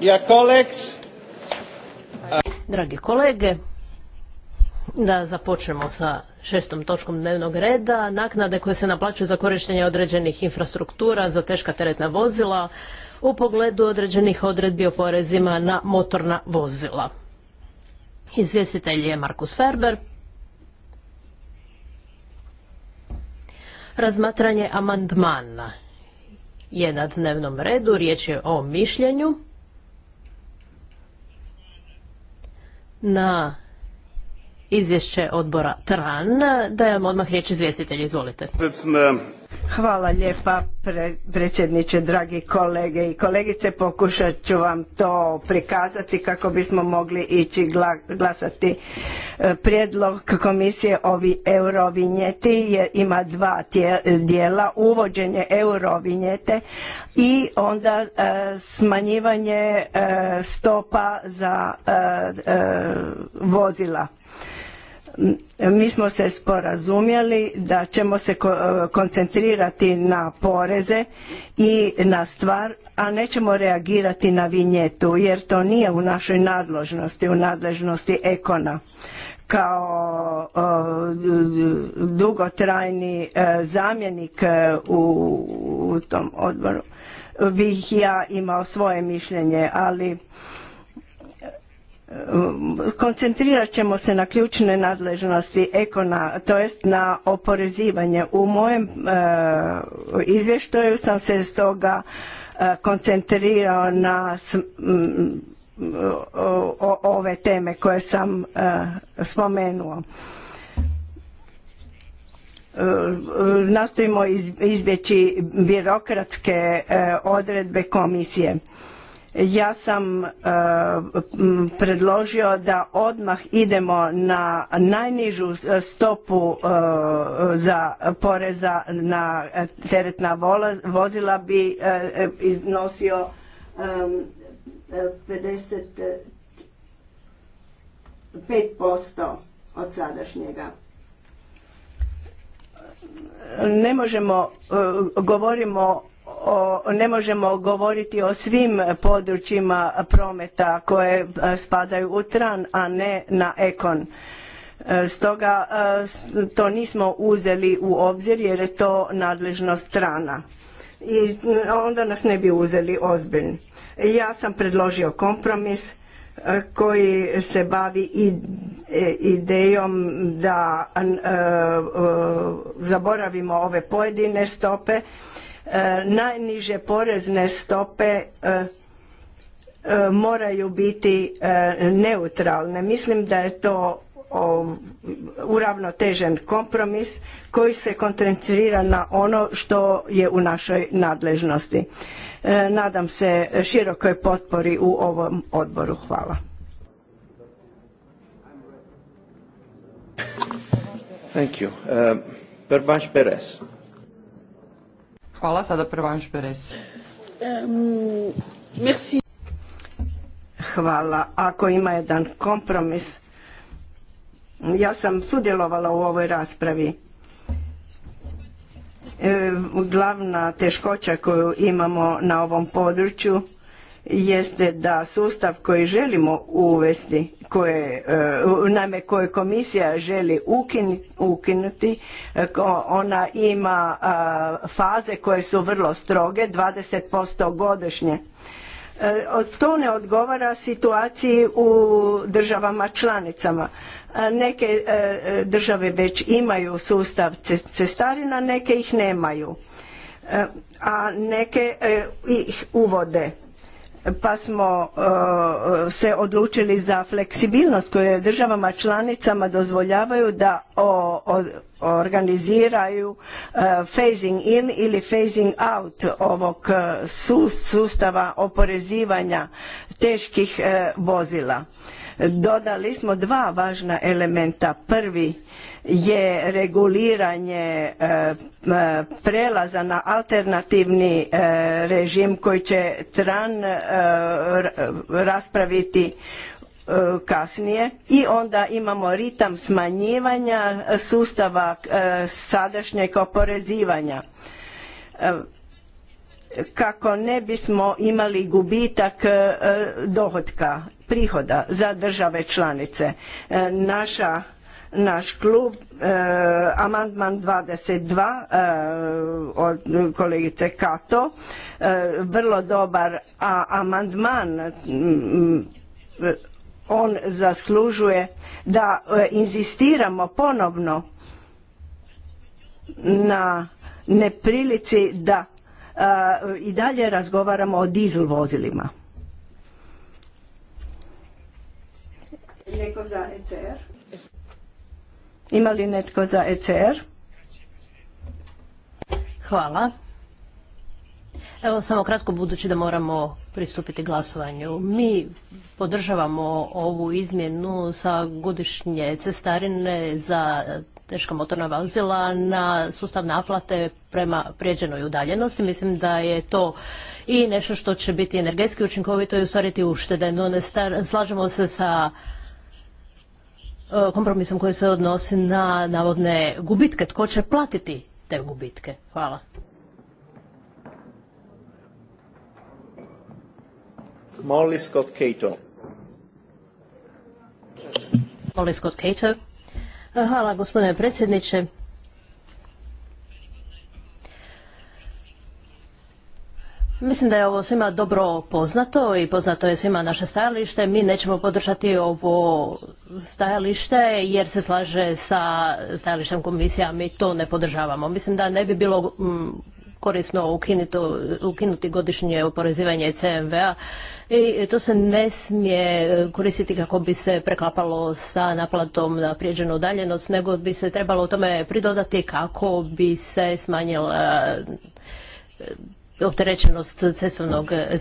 Drage Dragi kolege, da započnemo sa šestom točkom dnevnog reda. Naknade koje se naplaćuju za korištenje određenih infrastruktura za teška teretna vozila u pogledu određenih odredbi o porezima na motorna vozila. Izvjestitelj je Markus Ferber. Razmatranje amandmana je na dnevnom redu, riječ je o mišljenju. Na izvješće odbora TRAN dajem odmah riječ izvjestitelji, izvolite. Hvala lijepa predsjedniče, dragi kolege i kolegice. Pokušat ću vam to prikazati kako bismo mogli ići glasati. E, prijedlog komisije ovi eurovinjeti je, ima dva dijela, uvođenje eurovinjete i onda e, smanjivanje e, stopa za vozila mi smo se sporazumjeli da ćemo se e, koncentrirati na poreze i na stvar, a nećemo reagirati na vinjetu jer to nije u našoj nadležnosti, u nadležnosti ekona kao e, dugotrajni e, zamjenik u tom odboru bih ja imao svoje mišljenje, ali koncentrirat ćemo se na ključne nadležnosti ekona, to jest na oporezivanje. U mojem eh, izvještaju sam se stoga eh, koncentrirao na ove teme koje sam eh, spomenuo. Nastojimo izbjeći birokratske odredbe komisije ja sam e, predložio da odmah idemo na najnižu e, stopu e, za poreza na teretna vozila bi e, iznosio 55% od sadašnjega ne možemo govorimo ne možemo govoriti o svim područjima prometa koje e, spadaju u tran, a ne na ekon. E, stoga e, to nismo uzeli u obzir jer je to nadležnost trana i onda nas ne bi uzeli ozbiljno. Ja sam predložio kompromis koji se bavi idejom da zaboravimo ove pojedine stope E, najniže porezne stope e, e, moraju biti neutralne. Mislim da je to uravnotežen kompromis koji se koncentrira na ono što je u našoj nadležnosti. Nadam se širokoj potpori u ovom odboru. Hvala. Thank you. Uh, Hvala, sada Hvala. Ako ima jedan kompromis, ja sam sudjelovala u ovoj raspravi. glavna teškoća koju imamo na ovom području jeste da sustav koji želimo uvesti, koje, e, naime koje komisija želi ukinuti, e, ona ima e, faze koje su vrlo stroge, 20% godišnje. To ne odgovara situaciji u državama članicama. Neke države već imaju sustav cestarina, neke ih nemaju, a neke ih uvode pa smo e, se odlučili za fleksibilnost koju državama članicama dozvoljavaju da organiziraju e, phasing in ili phasing out ovog e, sustava oporezivanja teških vozila Dodali smo dva važna elementa. Prvi je reguliranje e, e, prelaza na alternativni e, režim koji će TRAN raspraviti kasnije i onda imamo ritam smanjivanja sustava sadašnjeg oporezivanja kako ne bismo imali gubitak e, dohotka, prihoda za države članice. E, naš klub, e, amandman 22 od kolegice Kato, vrlo dobar a amandman on zaslužuje da inzistiramo ponovno na neprilici da i dalje razgovaramo o dizel vozilima. Neko za ECR? Ima li netko za ECR? Hvala. Evo samo kratko budući da moramo pristupiti glasovanju. Mi podržavamo ovu izmjenu sa godišnje cestarine za teška motorna vozila na sustav naplate prema prijeđenoj udaljenosti. Mislim da je to i nešto što će biti energetski učinkovito i usvariti uštede. No ne slažemo se sa e, kompromisom koji se odnosi na navodne gubitke. Tko će platiti te gubitke? Hvala. Molly Scott Cato. Molly Scott Cato. Hvala gospodine predsjedniče. Mislim da je ovo svima dobro poznato i poznato je svima naše stajalište. Mi nećemo podržati ovo stajalište jer se slaže sa stajalištem komisija, mi to ne podržavamo. Mislim da ne bi bilo mm, korisno ukinuti, godišnje oporezivanje CMV-a i to se ne smije koristiti kako bi se preklapalo sa naplatom na prijeđenu udaljenost, nego bi se trebalo tome pridodati kako bi se smanjila e, opterećenost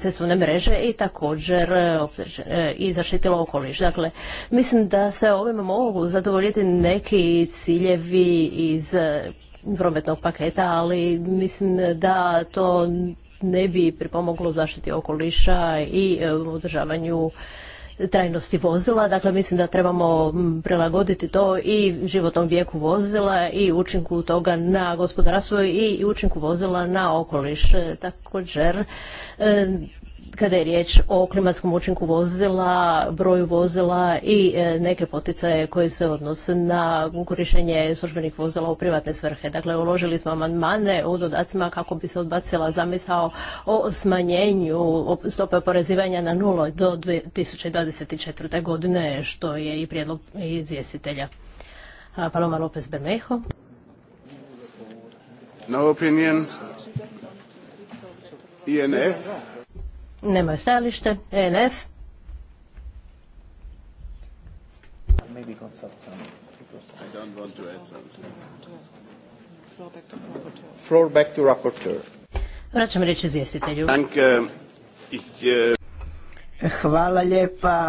cestovne mreže i također e, e, i zaštitilo okoliš. Dakle, mislim da se ovim mogu zadovoljiti neki ciljevi iz prometnog paketa, ali mislim da to ne bi pripomoglo zaštiti okoliša i e, održavanju trajnosti vozila. Dakle, mislim da trebamo prilagoditi to i životnom vijeku vozila i učinku toga na gospodarstvo i učinku vozila na okoliš. Također, e, kada je riječ o klimatskom učinku vozila, broju vozila i e, neke poticaje koje se odnose na korištenje službenih vozila u privatne svrhe. Dakle, uložili smo amandmane u dodacima kako bi se odbacila zamisao o smanjenju stope oporezivanja na nulo do 2024. godine, što je i prijedlog izvjestitelja. Paloma lopez Bermejo. No opinion. INF nemaju stajalište. ENF. Floor back to rapporteur. Vraćam reč izvjestitelju. Uh, uh, Hvala lijepa.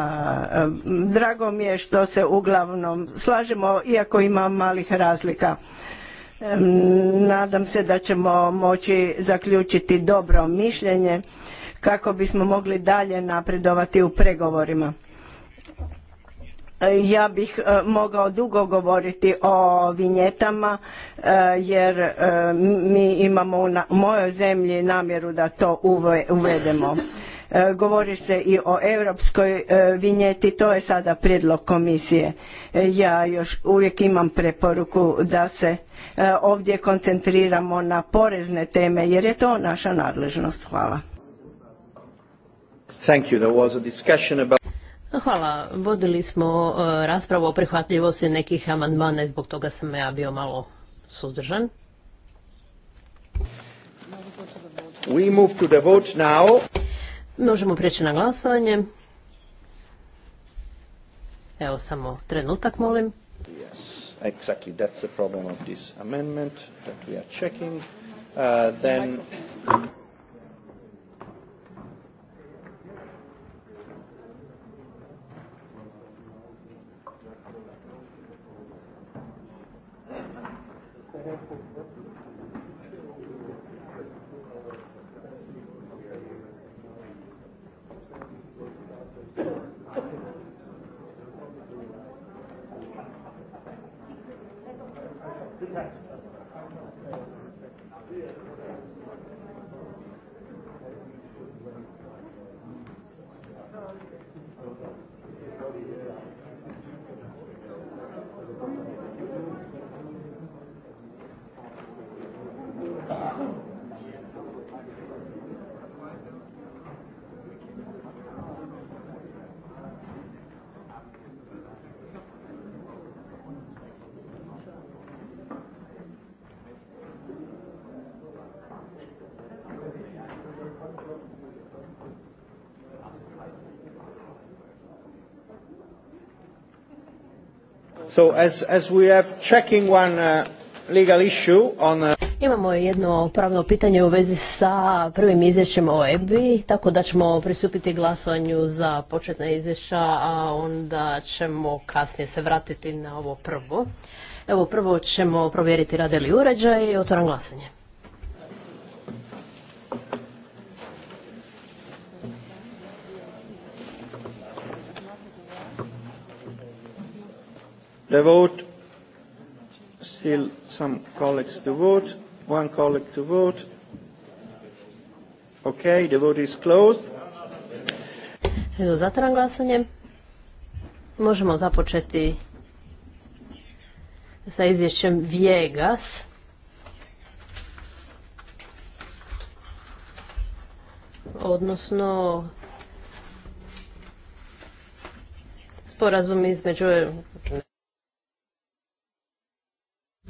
Um, drago mi je što se uglavnom slažemo, iako ima malih razlika. Um, nadam se da ćemo moći zaključiti dobro mišljenje kako bismo mogli dalje napredovati u pregovorima. E, ja bih e, mogao dugo govoriti o vinjetama e, jer mi imamo u mojoj zemlji namjeru da to uvedemo. Govori se i o europskoj vinjeti, to je sada prijedlog komisije. Ja još uvijek imam preporuku da se ovdje koncentriramo na porezne teme jer je to naša nadležnost. Hvala. Thank you. There was a discussion about... Hvala. Vodili smo e, raspravu o prihvatljivosti nekih amandmana i zbog toga sam ja bio malo suzdržan. We move to the vote now. Možemo prijeći na glasovanje. Evo samo trenutak molim. Yes, exactly. That's the problem of this amendment that we are checking. Uh, then... Hvala So one uh, on uh, Imamo jedno pravno pitanje u vezi sa prvim izvješćem o EBI, tako da ćemo pristupiti glasovanju za početna izvješća, a onda ćemo kasnije se vratiti na ovo prvo. Evo prvo ćemo provjeriti rade li uređaj i otvoram glasanje. The vote, still some colleagues to vote, one colleague to vote. Okay, the vote is closed. Evo, zatvaram glasanje. Možemo započeti sa izvješćem Vjegas. Odnosno, sporazum između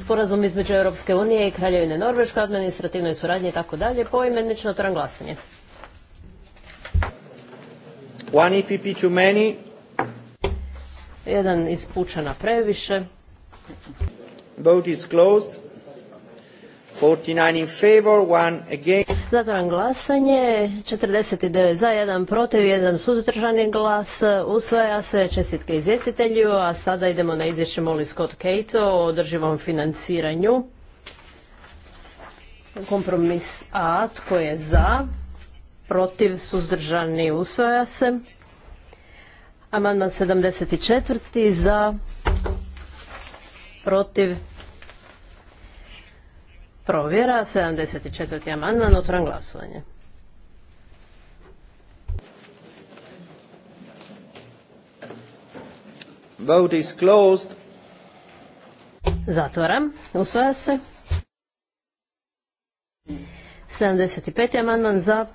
sporazum između Europske unije i Kraljevine Norveške, administrativnoj suradnji i tako dalje, poimenično otvoram glasanje. One EPP too many. Jedan ispučana previše. Vote is closed. 49 in favor, one against. Zatvaram glasanje. 49 za, 1 protiv, 1 suzdržani glas. Usvaja se čestitke izvjestitelju, a sada idemo na izvješće Molly Scott Cato o održivom financiranju. Kompromis A, tko je za, protiv, suzdržani, usvaja se. Amandman 74. za, protiv, Provjera, 74. amandman, otvoram glasovanje. Vote is closed. Zatvoram. Usvaja se. 75. amandman za,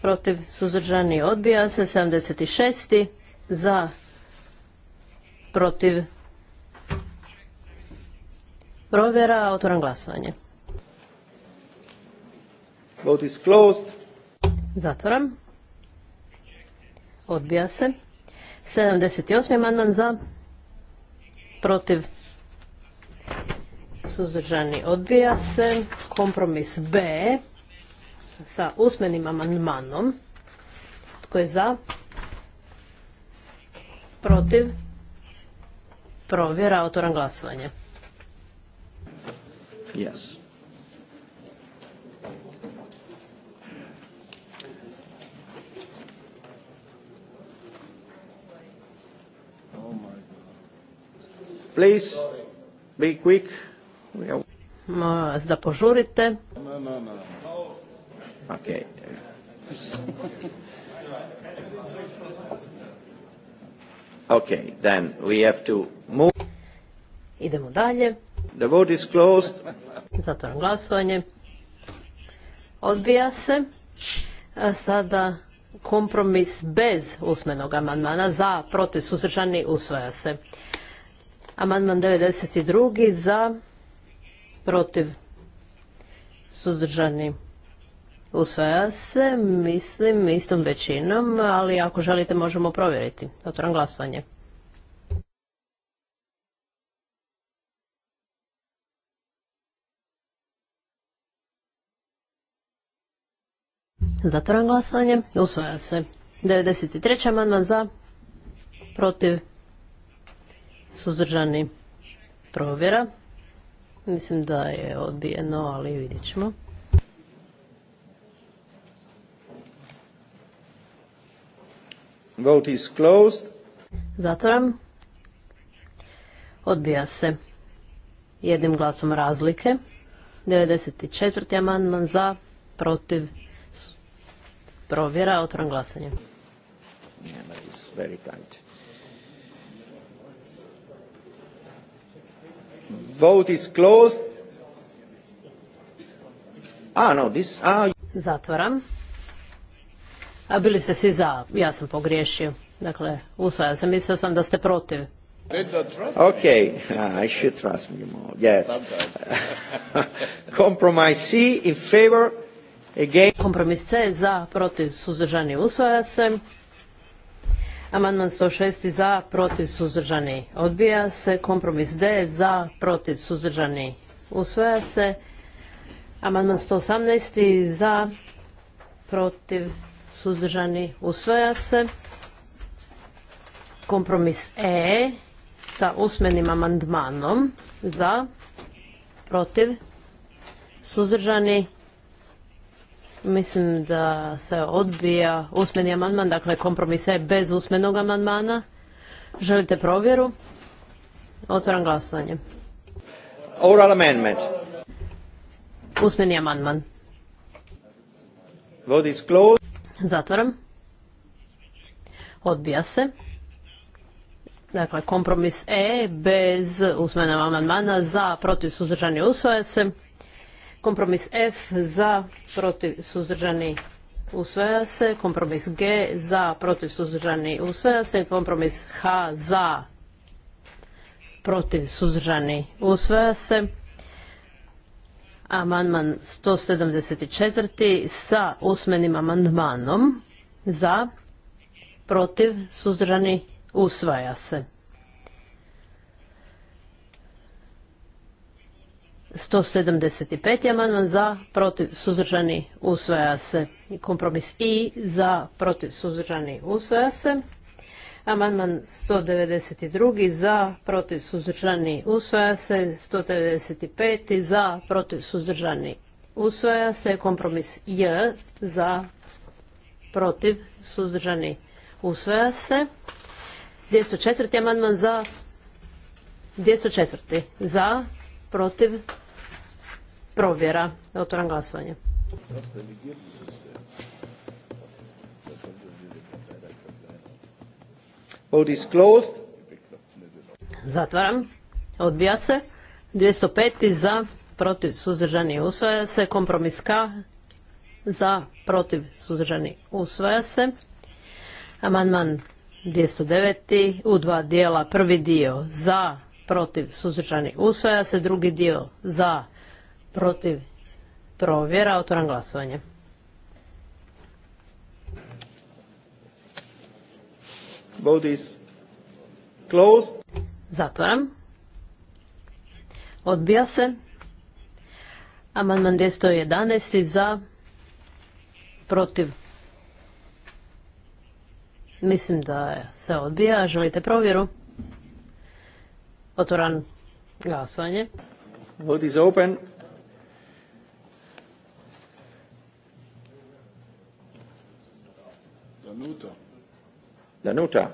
protiv, suzdržani, odbija se. 76. za, protiv, provjera, otvoram glasovanje. Vote is closed. Zatvoram. Odbija se. 78. amandman za. Protiv. Suzdržani odbija se. Kompromis B sa usmenim amandmanom. Tko je za? Protiv? Provjera, autoran glasovanje. Yes. Please, be quick. Molim vas da požurite. No, no, no. Okay. okay, then we have to move. Idemo dalje. The vote is closed. Zatvaram glasovanje. Odbija se. sada kompromis bez usmenog amandmana za, protiv, suzdržani, usvaja se. Amandman 92. za, protiv, suzdržani. Usvaja se, mislim, istom većinom, ali ako želite možemo provjeriti. Otvoram glasovanje. Zatvoram glasovanje. Usvaja se. 93. amandman za, protiv, Suzdržani provjera. Mislim da je odbijeno, ali vidjet ćemo. Vote is closed. Zatvoram. Odbija se jednim glasom razlike. 94. amandman za, protiv, provjera, otvoram glasanje. Yeah, Vote is closed. a ah, no, this, ah, Zatvoram. A bili ste svi za, ja sam pogriješio. Dakle, usvaja sam, mislio sam da ste protiv. Okay, ah, I should trust you more. Yes. Compromise C in favor again. Kompromis C za, protiv, suzdržani, usvaja se. Amandman 106 za, protiv, suzdržani. Odbija se. Kompromis D za, protiv, suzdržani. usvoja se. Amandman 118 za, protiv, suzdržani. usvoja se. Kompromis E sa usmenim amandmanom za, protiv, suzdržani. Mislim da se odbija usmeni amandman, dakle kompromis E bez usmenog amandmana. Želite provjeru? Otvaram glasovanje. Oral amendment. Usmeni amandman. Vote is closed. Zatvaram. Odbija se. Dakle, kompromis E bez usmenog amandmana za protiv suzdržani usvoja se. Kompromis F za protiv suzdržani usvaja se. Kompromis G za protiv suzdržani usvaja se. Kompromis H za protiv suzdržani usvaja se. Amandman 174. sa usmenim amandmanom za protiv suzdržani usvaja se. 175. amandman za, protiv, suzdržani, usvaja se. Kompromis I za, protiv, suzdržani, usvaja se. Amandman 192. za, protiv, suzdržani, usvaja se. 195. za, protiv, suzdržani, usvaja se. Kompromis J za, protiv, suzdržani, usvaja se. 204. amandman za, 204. za, protiv, provjera. Otvoram glasovanje. Zatvaram. Odbija se. 205. za, protiv, suzdržani, usvaja se. Kompromis K za, protiv, suzdržani, usvaja se. Amandman 209. u dva dijela. Prvi dio za, protiv, suzdržani, usvaja se. Drugi dio za, protiv provjera, otvoram glasovanje. Vote is closed. Zatvoram. Odbija se. Amandman 211 za protiv. Mislim da se odbija. Želite provjeru? Otvoran glasovanje. Vote is open. Danuta. Danuta.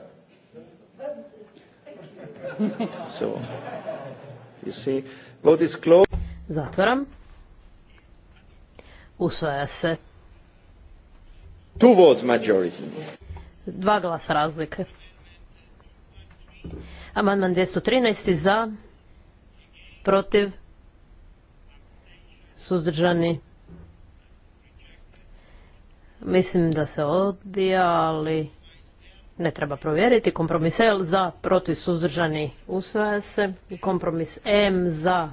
So, you see, vote is closed. Zatvaram. Usvaja se. Two votes majority. Dva glasa razlike. Amandman 213. za, protiv, suzdržani, Mislim da se odbija, ali ne treba provjeriti. Kompromis L za, protiv suzdržani usvaja se. Kompromis M za,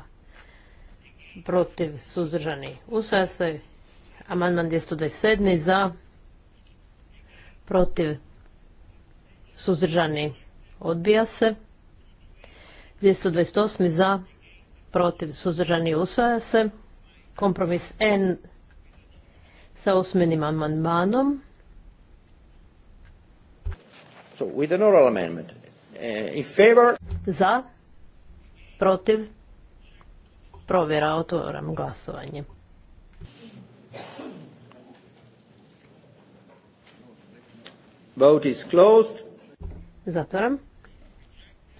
protiv suzdržani usvaja se. Amandman 227. za, protiv suzdržani odbija se. 228. za, protiv suzdržani usvaja se. Kompromis N sa osmenim amandmanom. So, eh, Za, protiv, provjera, otvoram glasovanje. Vote is closed. Zatvoram.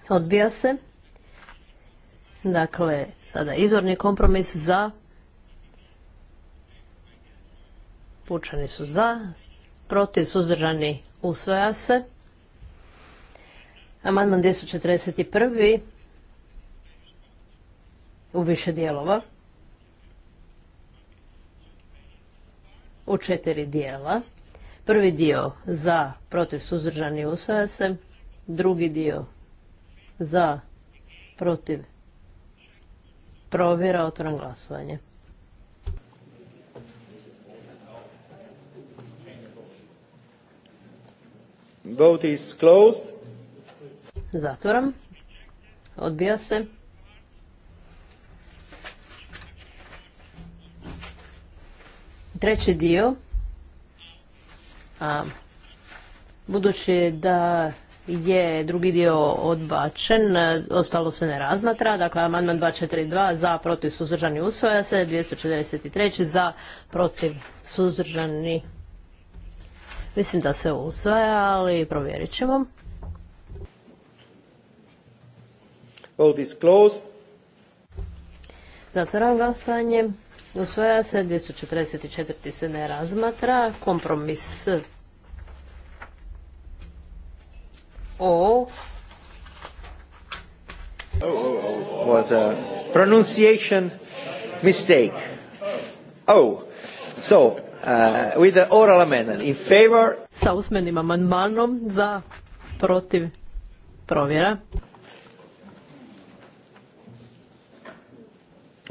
Odbija se. Dakle, sada izvorni kompromis za, pučani su za, protiv suzdržani usvaja se. Amandman 241. u više dijelova. U četiri dijela. Prvi dio za, protiv suzdržani usvaja se. Drugi dio za, protiv provjera otvoran glasovanje. Vote is closed. Zatvoram. Odbija se. Treći dio. A, budući da je drugi dio odbačen, ostalo se ne razmatra, dakle amandman 242 za protiv suzdržani usvoja se, 243 za protiv suzdržani Mislim da se usvaja, ali provjerit ćemo. Vote is closed. Zatvoram glasanje. Usvaja se 244. se ne razmatra. Kompromis O. Was a pronunciation mistake. Oh, so Uh, with the oral amendment in favor sa usmenim amandmanom za protiv provjera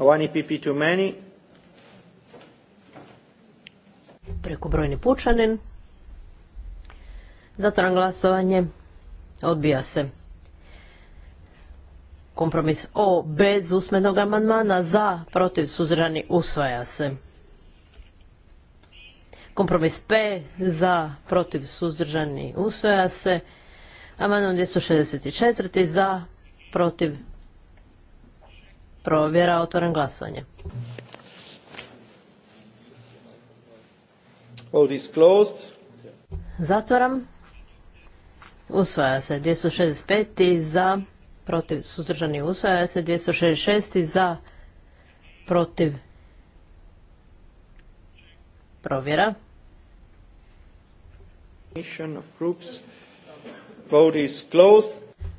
one EPP too many preko brojni pučanin zatvoran glasovanje odbija se kompromis o bez usmenog amandmana za protiv suzrani usvaja se Kompromis P za protiv suzdržani usvaja se. Amandman 264. za protiv provjera otvoren glasovanje. Zatvaram. Usvaja se 265. za protiv suzdržani usvaja se 266. za protiv provjera.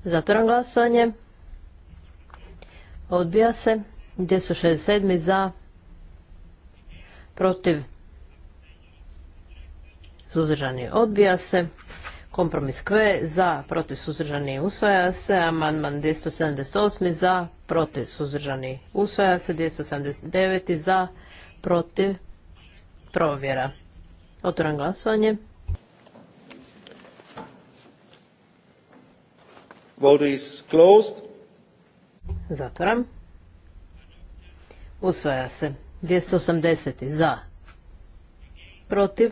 Zatvoram glasovanje. Odbija se. 267. za. Protiv. Suzdržani odbija se. Kompromis kve za, protiv suzdržani usvaja se. Amandman 278. za, protiv suzdržani usvaja se. 279. za, protiv provjera. Otvoram glasovanje. Vote is closed. Zatvoram. Usvaja se. 280. Za. Protiv.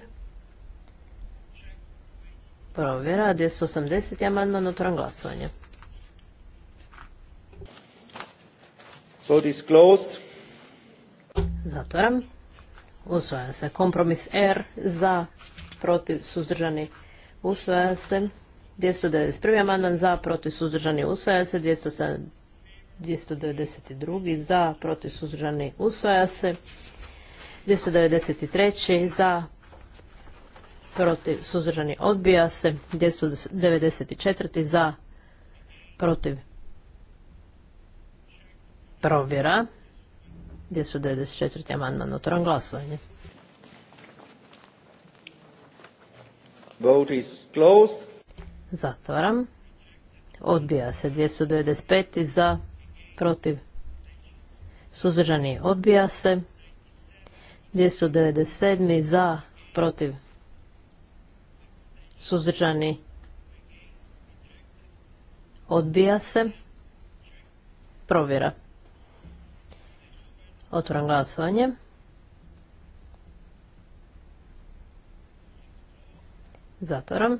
Provjera. 280. Amandman otvoram glasovanje. Vote is closed. Zatvoram. Usvaja se. Kompromis R. Za. Protiv. Suzdržani. Usvaja se. 291. amandman za, protiv, suzdržani, usvaja se. 292. za, protiv, suzdržani, usvaja se. 293. za, protiv, suzdržani, odbija se. 294. za, protiv, provjera. 294. amandman, otvoram glasovanje. Vote is closed. Zatvaram. Odbija se 295. za, protiv. Suzdržani odbija se. 297. za, protiv. Suzdržani odbija se. Provjera. Otvoram glasovanje. Zatvoram.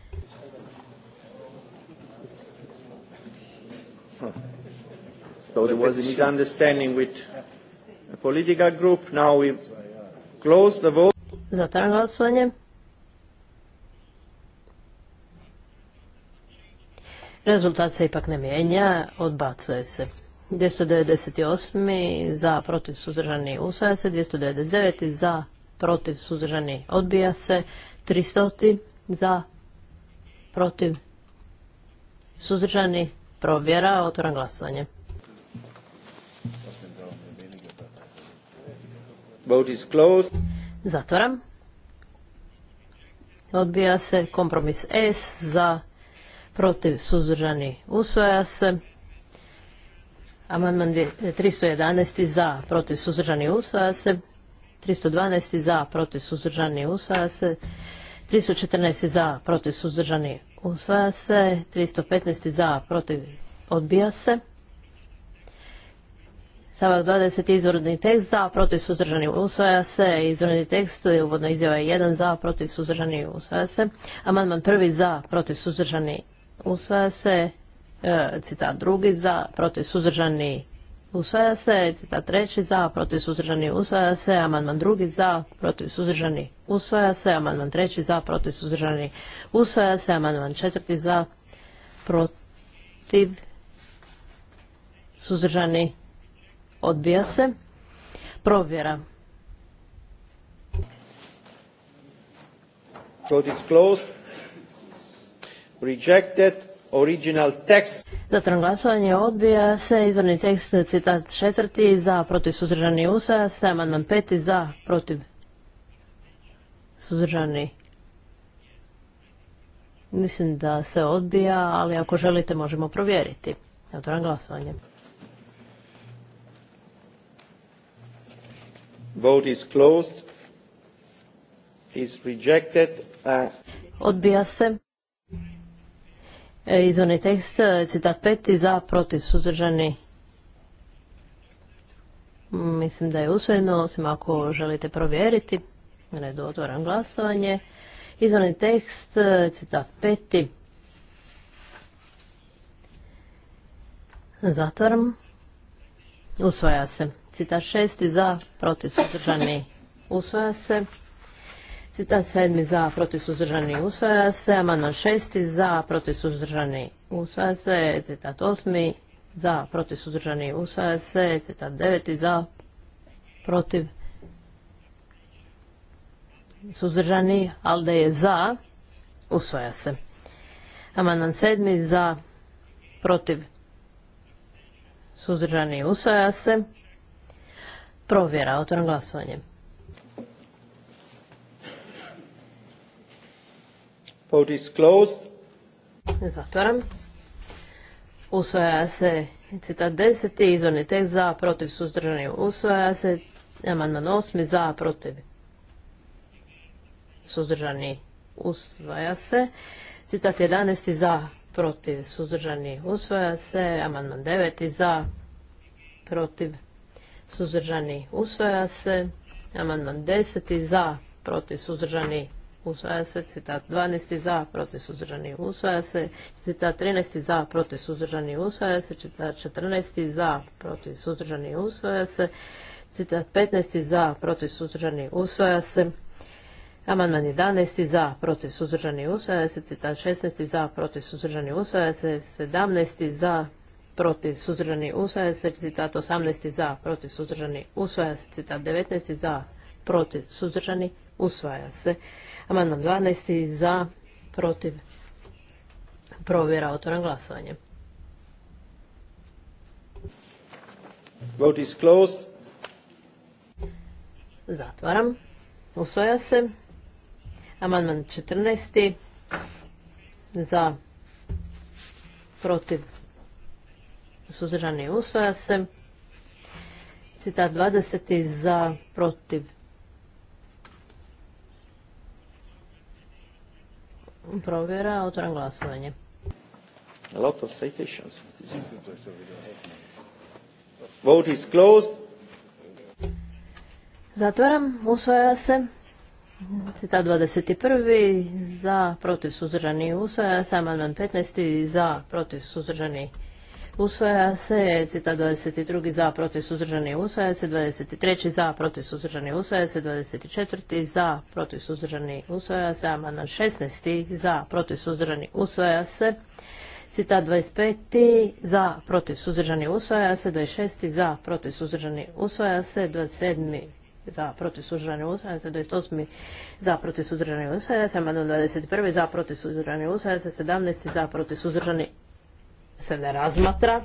So there was a misunderstanding with a political group. Now we close the vote. Zatvaram glasovanje. Rezultat se ipak ne mijenja, odbacuje se. 298. za protiv suzdržani usvaja se, 299. za protiv suzdržani odbija se, 300. za protiv suzdržani provjera, otvoram glasovanje. Zatvoram. Odbija se kompromis S za protiv suzdržani usvaja se. Amandman 311 za protiv suzdržani usvoja se. 312 za protiv suzdržani usvoja se. 314 za protiv suzdržani Usvaja se 315. za, protiv, odbija se. Stavak 20. izvorni tekst za, protiv, suzdržani, usvaja se. Izvorni tekst, uvodna izjava je 1 za, protiv, suzdržani, usvaja se. Amandman prvi za, protiv, suzdržani, usvaja se. E, citat drugi za, protiv, suzdržani, usvaja se, cita treći za, protiv suzdržani usvaja se, amandman drugi za, protiv suzdržani usvaja se, amandman treći za, protiv suzdržani usvaja se, amandman četvrti za, protiv suzdržani odbija se. Provjera. Vote closed. Rejected original text. glasovanje odbija se izvorni tekst citat četvrti za protiv suzdržani usvaja se, amandman peti za protiv suzdržani. Mislim da se odbija, ali ako želite možemo provjeriti. za glasovanje. Vote closed. rejected. Uh, odbija se. E, Izvorni tekst, e, citat peti, za, protiv, suzdržani. Mislim da je usvojeno, osim ako želite provjeriti. ne redu, otvoram glasovanje. Izvorni tekst, e, citat peti. Zatvaram. Usvoja se. Citat šesti, za, protiv, suzdržani. Usvaja se. Citat sedmi za protiv suzdržani usvaja se. Amandman 6. za protiv suzdržani usvaja se. Citat osmi za protiv suzdržani usvaja se. Citat 9. za protiv suzdržani, ali da je za, usvaja se. Amandman 7. za, protiv, suzdržani, usvaja se. Provjera, otvoren glasovanje. Vote is Zatvaram. Usvaja se citat 10. izvorni tekst za protiv suzdržani. Usvaja se amandman 8. za protiv suzdržani. Usvaja se. Citat 11. za protiv suzdržani. Usvaja se. Amandman 9. za protiv suzdržani. Usvaja se. Amandman 10. za protiv suzdržani usvaja se, citat 12. za, protiv suzdržani, usvaja se, citat 13. za, protiv suzdržani, usvaja se, citat 14. za, protiv suzdržani, usvaja se, citat 15. za, protiv suzdržani, usvaja se, Amandman 11. za, protiv suzdržani, usvaja se, citat 16. za, protiv suzdržani, usvaja se, 17. za, protiv suzdržani, usvaja se, citat 18. za, protiv suzdržani, usvaja se, citat 19. za, protiv suzdržani, Usvaja se. Amandman 12. Za, protiv. Provjera otvoran glasovanje. Vote is closed. Zatvaram. Usvaja se. Amandman 14. Za, protiv. Suzdržani usvaja se. Citat 20. Za, protiv Provjera, otvoram glasovanje. A lot of citations. Vote is closed. Zatvaram, usvaja se. Citat 21. Za, protiv, suzdržani, usvaja se. Amandman 15. Za, protiv, suzdržani, usvaja se, cita 22. za, protiv, suzdržani, usvaja se, 23. za, protiv, suzdržani, usvaja se, 24. za, protiv, suzdržani, usvaja se, amandman 16. za, protiv, suzdržani, usvaja se, Citat 25. za, protiv, suzdržani, usvaja se, 26. za, protiv, suzdržani, usvaja se, 27 za protiv suzdržani usvaja se 28. za protiv suzdržani usvaja se 21. za protiv suzdržani usvaja se 17. za protiv suzdržani se ne razmatra.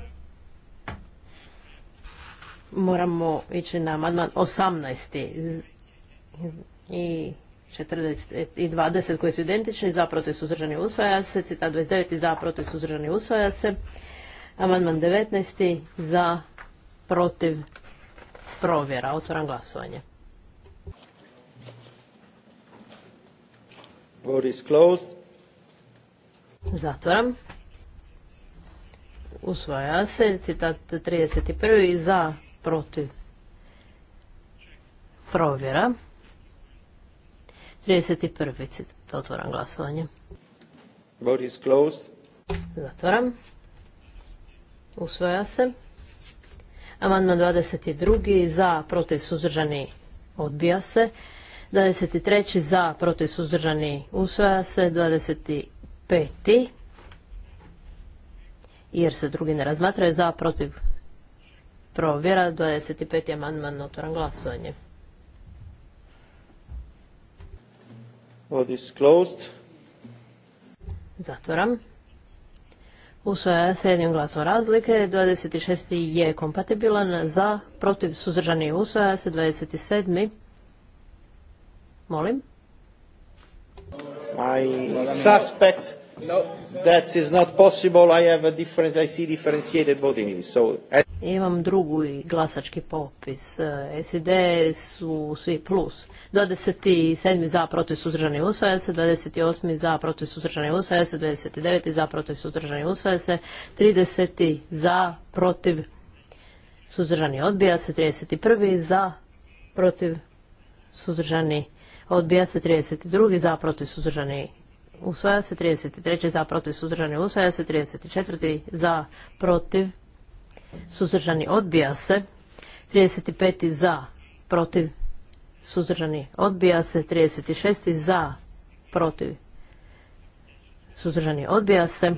Moramo ići na amandman 18. i 40 i 20 koji su identični, za protiv suzdržani usvaja se, citat 29 za protiv suzdržani usvaja se, amandman 19 za protiv provjera. Otvoram glasovanje. Vote closed. Zatvoram usvaja se. Citat 31. za, protiv, provjera. 31. citat, otvoram glasovanje. Vote is closed. Zatvoram. Usvaja se. Amandman 22. za, protiv, suzdržani, odbija se. 23. za, protiv, suzdržani, usvaja se. 25 jer se drugi ne razmatraju za, protiv, provjera, 25. amandman, otvoran glasovanje. zatvaram Zatvoram. Usvaja se jednim glasom razlike, 26. je kompatibilan, za, protiv, suzdržani usvoja se, 27. Molim. I suspect no, that is not possible. I have a different, I see differentiated voting list. So, Imam drugu glasački popis. E, SED su svi plus. 27. za protiv suzdržani usvaja se, 28. za protiv suzdržani usvaja se, 29. za protiv suzdržani usvaja se, 30. za protiv suzdržani odbija se, 31. za protiv suzdržani odbija se, 32. za protiv suzdržani usvaja se 33. za, protiv, suzdržani, usvaja se 34. za, protiv, suzdržani, odbija se 35. za, protiv, suzdržani, odbija se 36. za, protiv, suzdržani, odbija se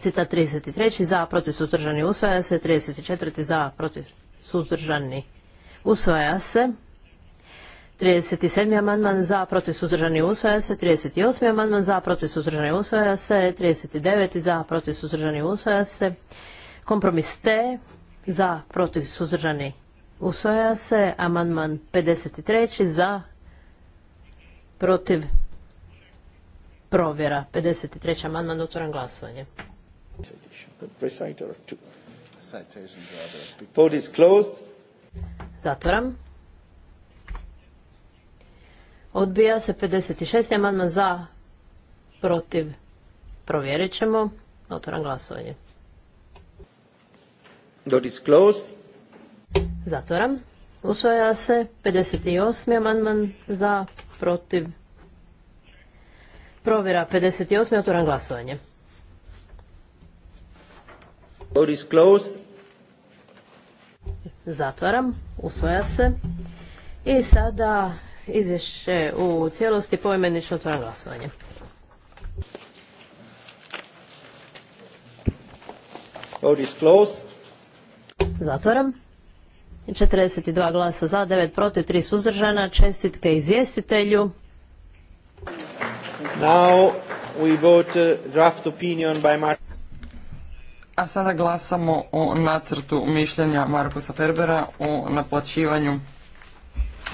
Citat 33. za, protiv, suzdržani, usvaja se 34. za, protiv, suzdržani, usvaja se 37. amandman za, protiv suzdržani usvaja se. 38. amandman za, protiv suzdržani usvaja se. 39. za, protiv suzdržani usvaja se. Kompromis T za, protiv suzdržani usvaja se. Amandman 53. za, protiv provjera. 53. amandman otvoram glasovanje. Zatvoram. Odbija se 56. amandman za, protiv. Provjerit ćemo. Otvoram glasovanje. Dot is closed. Zatvoram. Usvaja se 58. amandman za, protiv. Provjera 58. Otvoram glasovanje. Dot is closed. Zatvaram, usvoja se. I sada izvješće u cijelosti poimenično otvoram glasovanje. Zatvaram. 42 glasa za, 9 protiv, 3 suzdržana. Čestitke izvjestitelju. Now we vote uh, draft a sada glasamo o nacrtu mišljenja Markusa Ferbera o naplaćivanju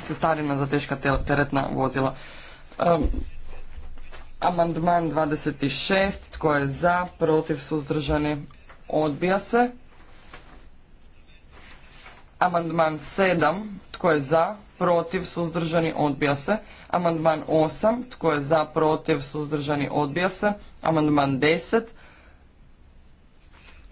cestarina za teška teretna vozila. amandman 26. Tko je za? Protiv? Suzdržani? Odbija se. Amandman 7. Tko je za? Protiv? Suzdržani? Odbija se. Amandman 8. Tko je za? Protiv? Suzdržani? Odbija se. Amandman 10.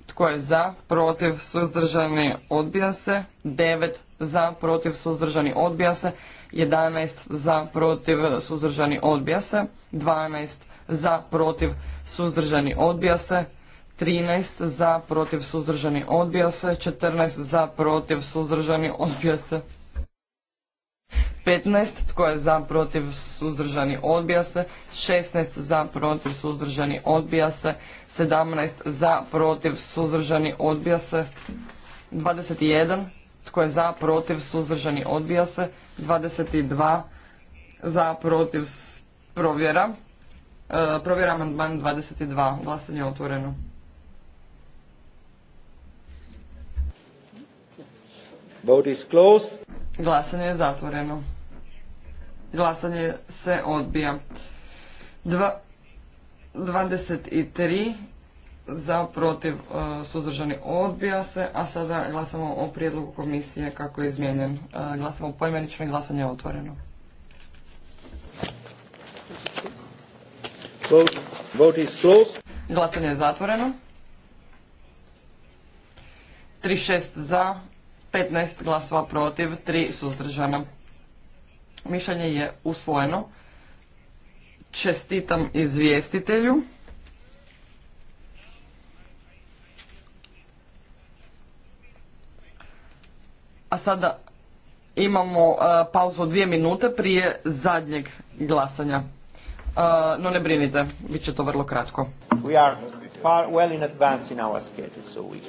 Tko je za? Protiv? Suzdržani? Odbija se. 9 za, protiv, suzdržani, odbija se. 11 za, protiv, suzdržani, odbija se. 12 za, protiv, suzdržani, odbija se. 13 za, protiv, suzdržani, odbija se. 14 za, protiv, suzdržani, odbija se. 15 tko je za, protiv, suzdržani, odbija se. 16 za, protiv, suzdržani, odbija se. 17 za, protiv, suzdržani, odbija se. 21 tko je za, protiv, suzdržani, odbija se. 22 za, protiv, provjera. E, provjera amandman 22. Glasanje je otvoreno. Vote is closed. Glasanje je zatvoreno. Glasanje se odbija. Dva, 23 za protiv e, suzdržani odbija se, a sada glasamo o prijedlogu komisije kako je izmijenjen. E, glasamo poimenično i glasanje je otvoreno. Glasanje je zatvoreno. 36 za, 15 glasova protiv, 3 suzdržana. Mišljenje je usvojeno. Čestitam izvjestitelju. A sada imamo e, pauzu od dvije minute prije zadnjeg glasanja. E, no ne brinite, bit će to vrlo kratko. We are far well in advance in our schedule, so we...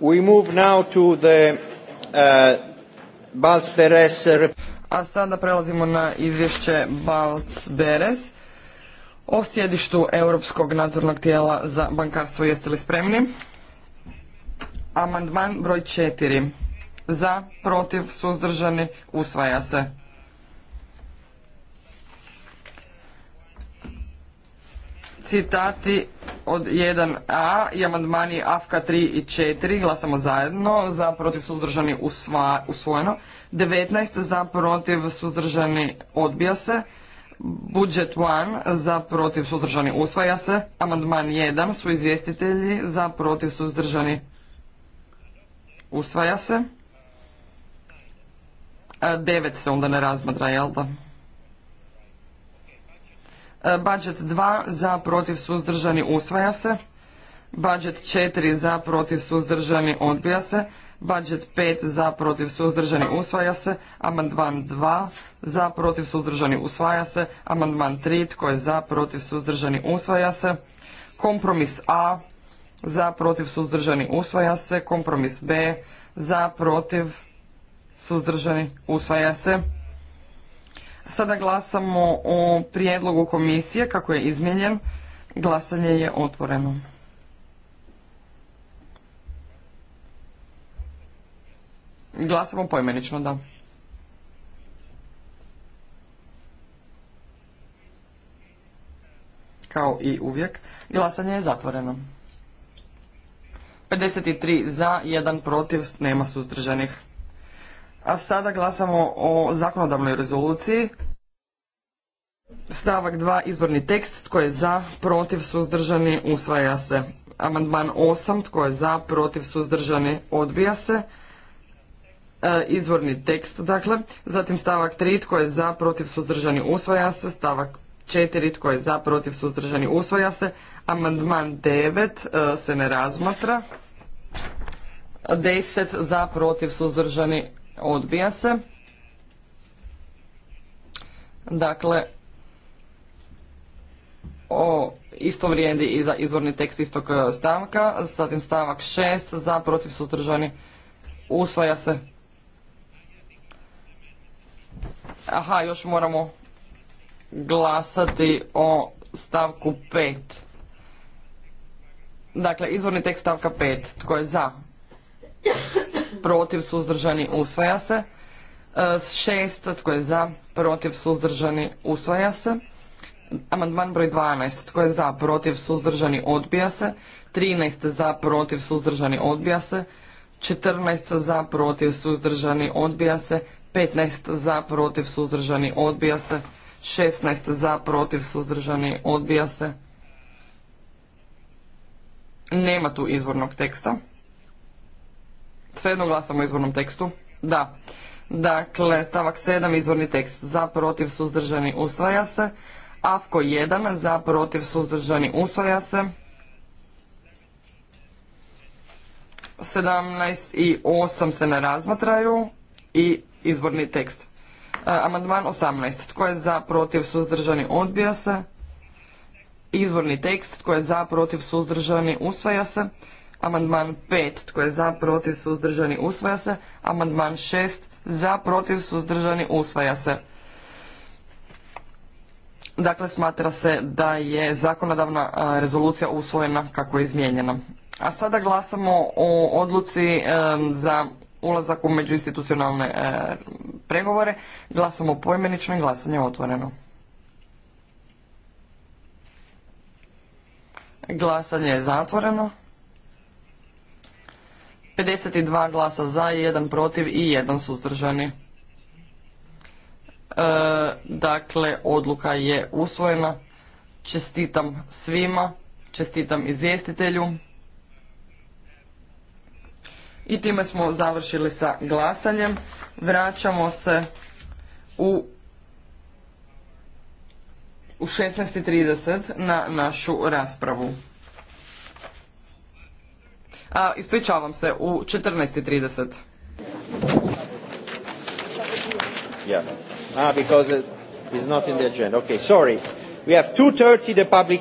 We move now to the uh, uh, A sada prelazimo na izvješće Balc Beres o sjedištu Europskog nadzornog tijela za bankarstvo. Jeste li spremni? Amandman broj 4. Za, protiv, suzdržani, usvaja se. Citati od 1a i amandmani AFKA 3 i 4 glasamo zajedno, za protiv suzdržani usva, usvojeno, 19 za protiv suzdržani odbija se, budžet 1 za protiv suzdržani usvaja se, amandman 1 su izvjestitelji za protiv suzdržani usvaja se, 9 e, se onda ne razmatra, jel da? Budget 2 za protiv suzdržani usvaja se. Budget 4 za protiv suzdržani odbija se. Budget 5 za protiv suzdržani usvaja se. Amandman 2 za protiv suzdržani usvaja se. Amandman 3 tko je za protiv suzdržani usvaja se. Kompromis A za protiv suzdržani usvaja se. Kompromis B za protiv suzdržani usvaja se. Sada glasamo o prijedlogu komisije kako je izmijenjen. Glasanje je otvoreno. Glasamo poimenično, da. Kao i uvijek, glasanje je zatvoreno. 53 za, 1 protiv, nema suzdržanih. A sada glasamo o zakonodavnoj rezoluciji. Stavak 2. Izvorni tekst. Tko je za, protiv, suzdržani, usvaja se. Amandman 8. Tko je za, protiv, suzdržani, odbija se. E, izvorni tekst, dakle. Zatim stavak 3. Tko je za, protiv, suzdržani, usvaja se. Stavak 4. Tko je za, protiv, suzdržani, usvaja se. Amandman 9. E, se ne razmatra. 10. Za, protiv, suzdržani, odbija se. Dakle, o, isto vrijedi i za izvorni tekst istog e, stavka, zatim stavak 6 za protiv suzdržani usvaja se. Aha, još moramo glasati o stavku 5. Dakle, izvorni tekst stavka 5. Tko je za? protiv, suzdržani, usvaja se. E, šest, tko je za, protiv, suzdržani, usvaja se. Amandman broj 12, tko je za, protiv, suzdržani, odbija se. 13 za, protiv, suzdržani, odbija se. 14 za, protiv, suzdržani, odbija se. 15 za, protiv, suzdržani, odbija se. 16 za, protiv, suzdržani, odbija se. Nema tu izvornog teksta. Svejedno glasamo o izvornom tekstu? Da. Dakle, stavak 7, izvorni tekst. Za, protiv, suzdržani, usvaja se. Avko 1, za, protiv, suzdržani, usvaja se. 17 i 8 se ne razmatraju i izvorni tekst. E, amandman 18. Tko je za, protiv, suzdržani, odbija se. Izvorni tekst. Tko je za, protiv, suzdržani, usvaja se. Amandman 5. Tko je za, protiv, suzdržani, usvaja se. Amandman 6. Za, protiv, suzdržani, usvaja se. Dakle, smatra se da je zakonodavna rezolucija usvojena kako je izmijenjena. A sada glasamo o odluci za ulazak u međuinstitucionalne e, pregovore. Glasamo pojmenično i glasanje je otvoreno. Glasanje je zatvoreno. 52 glasa za, jedan protiv i jedan suzdržani. E, dakle, odluka je usvojena. Čestitam svima, čestitam izvjestitelju. I time smo završili sa glasanjem. Vraćamo se u u 16.30 na našu raspravu. A, ispričavam se, u 14.30. Yeah. Ah, because it's not in the agenda. Okay, sorry. We have 2.30 the public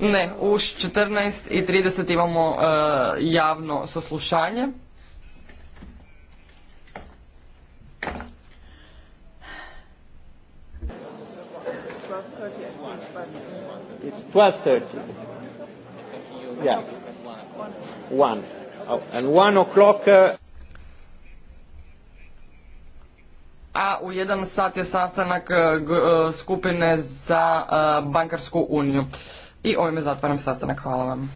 Ne, u 14.30 imamo uh, javno saslušanje. It's 12.30. Yeah one. Oh, uh, A u jedan sat je sastanak uh, uh, skupine za bankarsku uniju. I ovime zatvaram sastanak. Hvala vam.